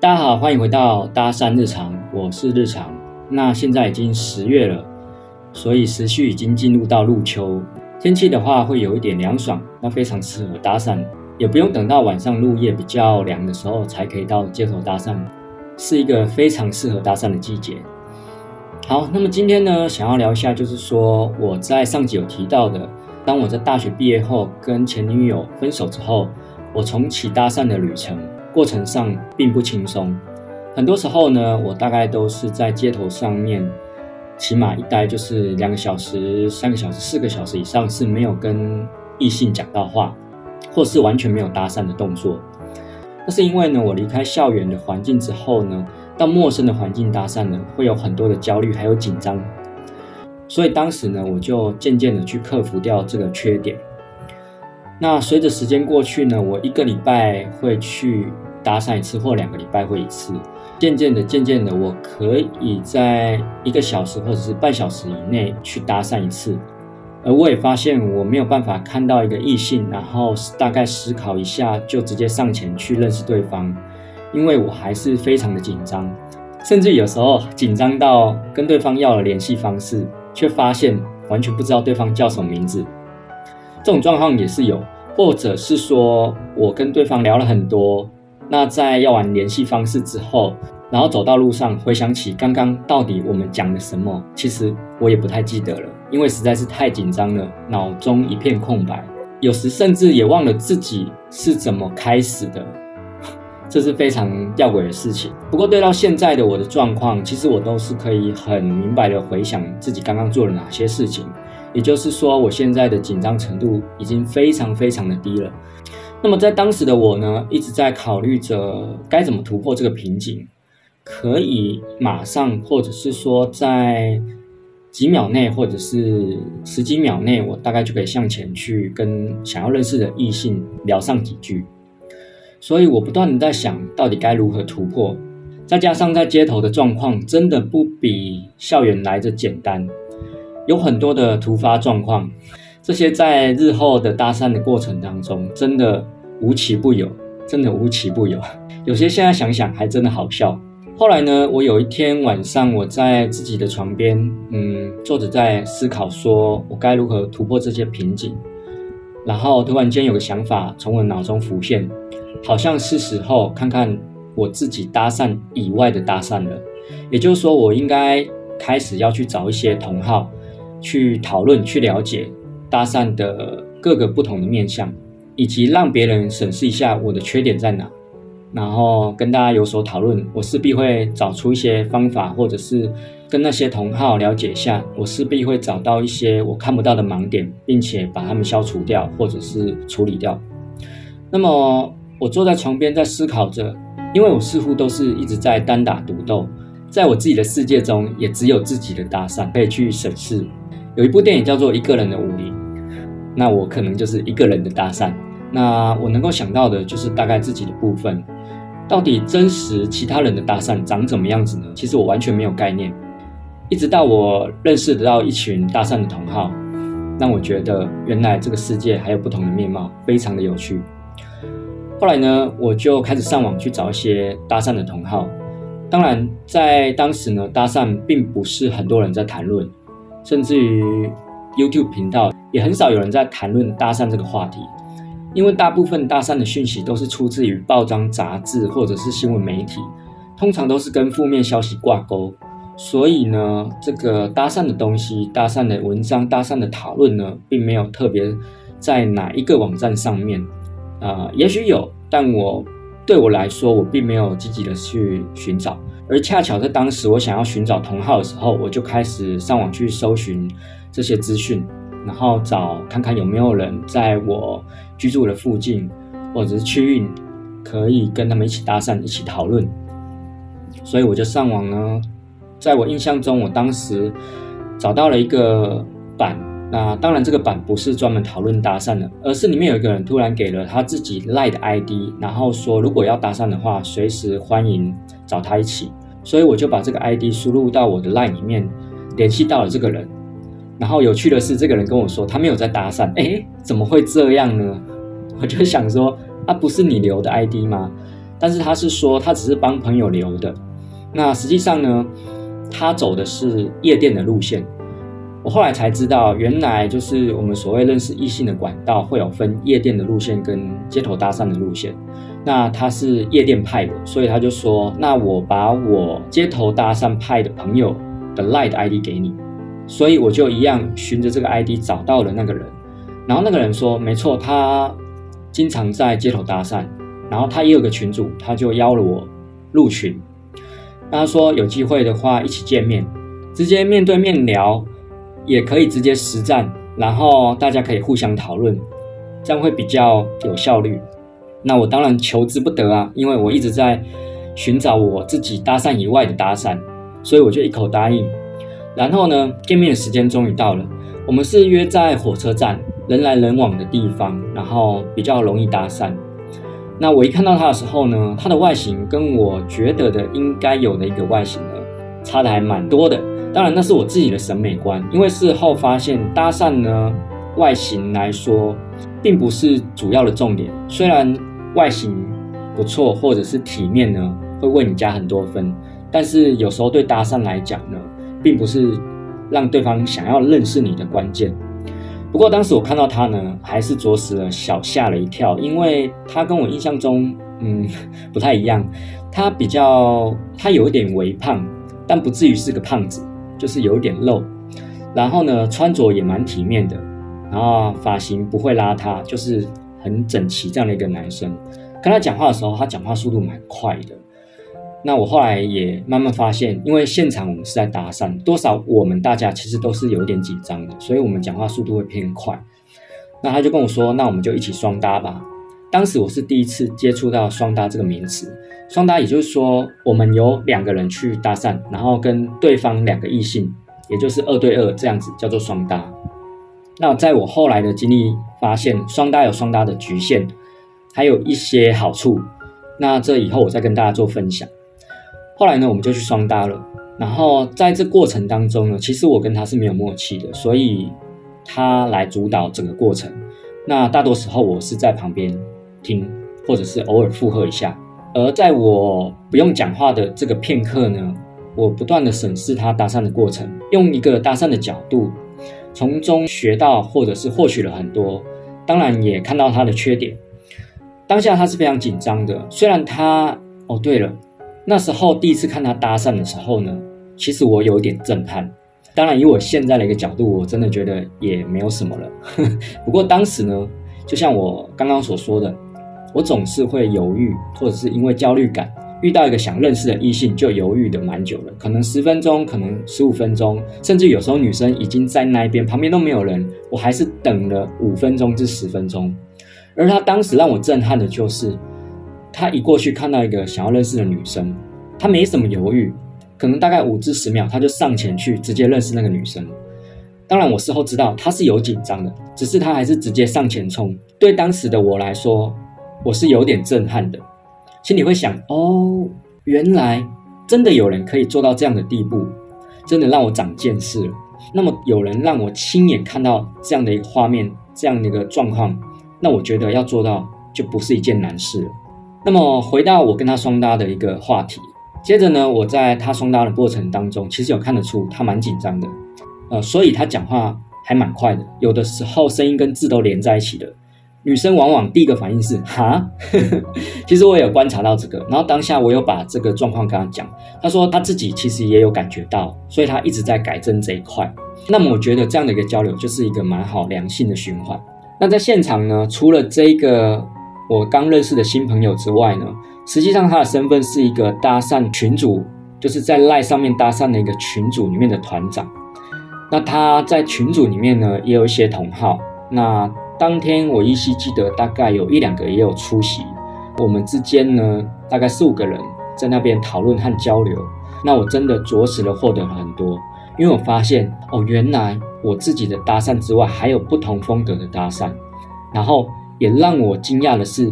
大家好，歡迎回到搭訕日常，我是日常。那現在已經十月了，所以時序已經進入到入秋，天氣的話會有一點涼爽，那非常適合搭訕，也不用等到晚上入夜比較涼的時候才可以到街頭搭訕，是一個非常適合搭訕的季節。好，那麼今天呢，想要聊一下，就是說我在上集有提到的，當我在大學畢業後跟前女友分手之後，我重啟搭訕的旅程，過程上並不輕鬆。很多時候呢，我大概都是在街頭上面，起碼一待就是兩個小時、三個小時、四個小時以上是沒有跟異性講到話，或是完全沒有搭訕的動作。那是因為呢，我離開校園的環境之後呢。到陌生的環境搭訕呢，會有很多的焦慮，還有緊張。所以當時呢，我就漸漸的去克服掉這個缺點。那隨着時間過去呢，我一個禮拜會去搭訕一次，或兩個禮拜會一次。漸漸的，漸漸的，我可以在一個小時或者是半小時以內去搭訕一次。而我也發現，我沒有辦法看到一個異性，然後大概思考一下，就直接上前去認識對方。因為我還是非常的緊張，甚至有時候緊張到跟對方要了聯繫方式，却發現完全不知道對方叫什麼名字。這種狀況也是有，或者是說我跟對方聊了很多，那在要完聯繫方式之後，然後走到路上，回想起剛剛到底我們講了什麼，其實我也不太記得了，因為實在是太緊張了，腦中一片空白，有時甚至也忘了自己是怎麼開始的。這是非常吊詭的事情。不過，對到現在的我的狀況，其實我都是可以很明白的回想自己剛剛做了哪些事情。也就是說，我現在的緊張程度已經非常非常的低了。那麼，在當時的我呢，一直在考慮着該怎麼突破這個瓶頸，可以馬上，或者是說在幾秒內，或者是十幾秒內，我大概就可以向前去跟想要認識的異性聊上幾句。所以我不斷地在想到底該如何突破，再加上在街頭的狀況真的不比校園來得簡單，有很多的突發狀況，這些在日後的搭訕的過程當中真的無奇不有，真的無奇不有。有些現在想想還真的好笑。後來呢，我有一天晚上我在自己的床邊，嗯，坐着在思考，說我該如何突破這些瓶頸，然後突然間有個想法從我腦中浮現。好像是時候看看我自己搭訕以外的搭訕了，也就是說，我應該開始要去找一些同好，去討論、去了解搭訕的各個不同的面向，以及讓別人審視一下我的缺點在哪，然後跟大家有所討論，我勢必會找出一些方法，或者是跟那些同好了解一下，我勢必會找到一些我看不到的盲點，並且把它們消除掉，或者是處理掉。那麼。我坐在床邊，在思考着，因為我似乎都是一直在單打獨鬥，在我自己的世界中，也只有自己的搭訕可以去審視。有一部電影叫做《一個人的武林》，那我可能就是一個人的搭訕。那我能夠想到的就是大概自己的部分。到底真實其他人的搭訕長什麼樣子呢？其實我完全沒有概念。一直到我認識得到一群搭訕的同好，讓我覺得原來這個世界還有不同的面貌，非常的有趣。後來呢，我就開始上網去找一些搭訕的同好。當然，在當時呢，搭訕並不是很多人在談論，甚至於 YouTube 頻道也很少有人在談論搭訕這個話題。因為大部分搭訕的訊息都是出自於報章雜誌或者是新聞媒體，通常都是跟負面消息掛鈎，所以呢，這個搭訕的東西、搭訕的文章、搭訕的討論呢，並沒有特別在哪一個網站上面。啊、呃，也許有，但我對我來說，我並沒有積極的去尋找，而恰巧在當時我想要尋找同好的時候，我就開始上網去搜尋這些資訊，然後找看看有沒有人在我居住的附近或者是區域可以跟他們一起搭訕、一起討論，所以我就上網呢，在我印象中，我當時找到了一個板。那當然，這個版不是專門討論搭訕的，而是裡面有一個人突然給了他自己 LINE 的 ID，然後說如果要搭訕的話，隨時歡迎找他一起。所以我就把這個 ID 輸入到我的 LINE 裡面，聯繫到了這個人。然後有趣的是，這個人跟我說他沒有在搭訕，哎，怎麼會這樣呢？我就想說，啊，不是你留的 ID 嗎？但是他是說他只是幫朋友留的。那實際上呢，他走的是夜店的路線。我後來才知道，原來就是我們所謂認識異性的管道會有分夜店的路線跟街頭搭訕的路線。那他是夜店派的，所以他就說：“那我把我街頭搭訕派的朋友的賴的 ID 給你。”所以我就一樣循着這個 ID 找到了那個人。然後那個人說：“沒錯，他經常在街頭搭訕。”然後他也有個群組，他就邀了我入群，他說：“有機會的話一起見面，直接面對面聊。”也可以直接實戰，然後大家可以互相討論，這樣會比較有效率。那我當然求之不得啊，因為我一直在尋找我自己搭訕以外的搭訕，所以我就一口答應。然後呢，見面的時間終於到了，我們是約在火車站，人來人往的地方，然後比較容易搭訕。那我一看到他的時候呢，他的外形跟我覺得的應該有的一個外形呢，差的還蠻多的。當然，那是我自己的審美觀。因為事後發現，搭訕呢，外形來說，並不是主要的重點。雖然外形不錯，或者是體面呢，會為你加很多分。但是有時候對搭訕來講呢，並不是讓對方想要認識你的關鍵。不過當時我看到他呢，還是着實的小嚇了一跳，因為他跟我印象中，嗯，不太一樣。他比較，他有一點微胖，但不至於是個胖子。就是有點漏，然後呢，穿着也蠻體面的，然後髮型不會邋遢，就是很整齊這樣的一個男生。跟他講話的時候，他講話速度蠻快的。那我後來也慢慢發現，因為現場我們是在搭訕，多少我們大家其實都是有點緊張的，所以我們講話速度會偏快。那他就跟我說：“那我們就一起雙搭吧。”當時我是第一次接觸到“雙搭”這個名詞，“雙搭”也就是說，我們有兩個人去搭訕，然後跟對方兩個異性，也就是二對二這樣子，叫做雙搭。那在我後來的經歷發現，雙搭有雙搭的局限，還有一些好處。那這以後我再跟大家做分享。後來呢，我們就去雙搭了。然後在這過程當中呢，其實我跟他是沒有默契的，所以他來主導整個過程。那大多時候我是在旁邊。聽，或者是偶爾附和一下，而在我不用講話的這個片刻呢，我不斷的審視他搭訕的過程，用一個搭訕的角度，從中學到或者是獲取了很多，當然也看到他的缺點。當下他是非常緊張的，雖然他哦，對了，那時候第一次看他搭訕的時候呢，其實我有點震撼，當然以我現在的一個角度，我真的覺得也沒有什麼了， 不過當時呢，就像我剛剛所說的。我總是會猶豫，或者是因為焦慮感，遇到一個想認識的異性就猶豫得蠻久了，可能十分鐘，可能十五分鐘，甚至有時候女生已經在那一邊旁邊都沒有人，我還是等了五分鐘至十分鐘。而他當時讓我震撼的就是，他一過去看到一個想要認識的女生，他沒什麼猶豫，可能大概五至十秒，他就上前去直接認識那個女生。當然我事後知道他是有緊張的，只是他還是直接上前衝。對當時的我來說，我是有點震撼的，心裡會想，哦，原來真的有人可以做到這樣的地步，真的讓我長見識了。那麼有人讓我親眼看到這樣的一個畫面，這樣的一個狀況，那我覺得要做到就不是一件難事了。那麼回到我跟他雙搭的一個話題，接着呢，我在他雙搭的過程當中，其實有看得出他蠻緊張的，呃，所以他講話還蠻快的，有的時候聲音跟字都連在一起的。女生往往第一個反應是哈。 其實我也有觀察到這個。然後當下我有把這個狀況跟他講，他說他自己其實也有感覺到，所以他一直在改正這一塊。那麼我覺得這樣的一個交流就是一個蠻好良性的循環。那在現場呢，除了這個我剛認識的新朋友之外呢，實際上他的身份是一個搭訕群主，就是在賴上面搭訕的一個群組裡面的團長。那他在群組裡面呢，也有一些同好。那當天我依稀記得，大概有一兩個也有出席。我們之間呢，大概四五個人在那邊討論和交流。那我真的着實的獲得了很多，因為我發現哦，原來我自己的搭訕之外，還有不同風格的搭訕。然後也讓我驚訝的是，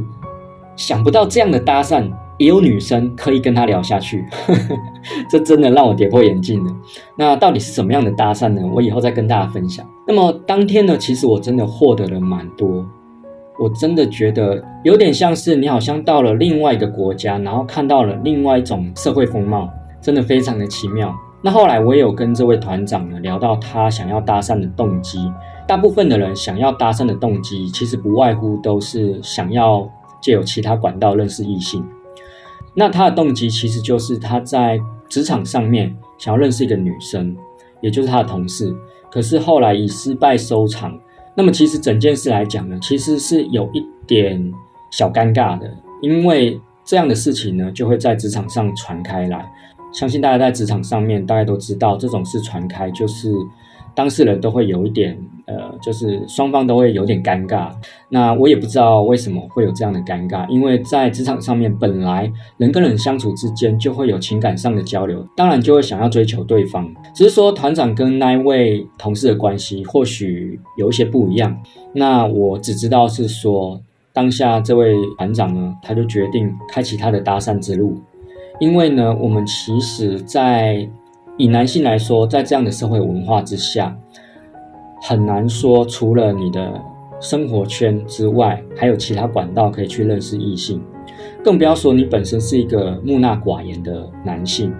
想不到這樣的搭訕也有女生可以跟他聊下去，呵呵，這真的讓我跌破眼鏡了。那到底是什麼樣的搭訕呢？我以後再跟大家分享。那麼當天呢，其實我真的獲得了蠻多，我真的覺得有點像是你好像到了另外一個國家，然後看到了另外一種社會風貌，真的非常的奇妙。那後來我也有跟這位團長呢聊到他想要搭訕的動機，大部分的人想要搭訕的動機其實不外乎都是想要借由其他管道認識異性。那他的動機其實就是他在職場上面想要認識一個女生，也就是他的同事。可是後來以失敗收場，那麼其實整件事來講呢，其實是有一點小尷尬的，因為這樣的事情呢，就會在職場上傳開來。相信大家在職場上面，大家都知道這種事傳開，就是當事人都會有一點。呃，就是雙方都會有點尷尬。那我也不知道為什麼會有這樣的尷尬，因為在職場上面，本來人跟人相處之間就會有情感上的交流，當然就會想要追求對方。只是說團長跟那一位同事的關係或許有一些不一樣。那我只知道是說，當下這位團長呢，他就決定開啟他的搭訕之路，因為呢，我們其實在以男性來說，在這樣的社會文化之下。很難說，除了你的生活圈之外，還有其他管道可以去認識異性，更不要說你本身是一個木訥寡言的男性。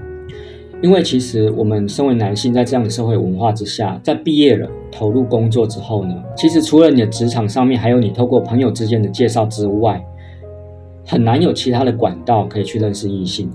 因為其實我們身為男性，在這樣的社會文化之下，在畢業了投入工作之後呢，其實除了你的職場上面，還有你透過朋友之間的介紹之外，很難有其他的管道可以去認識異性。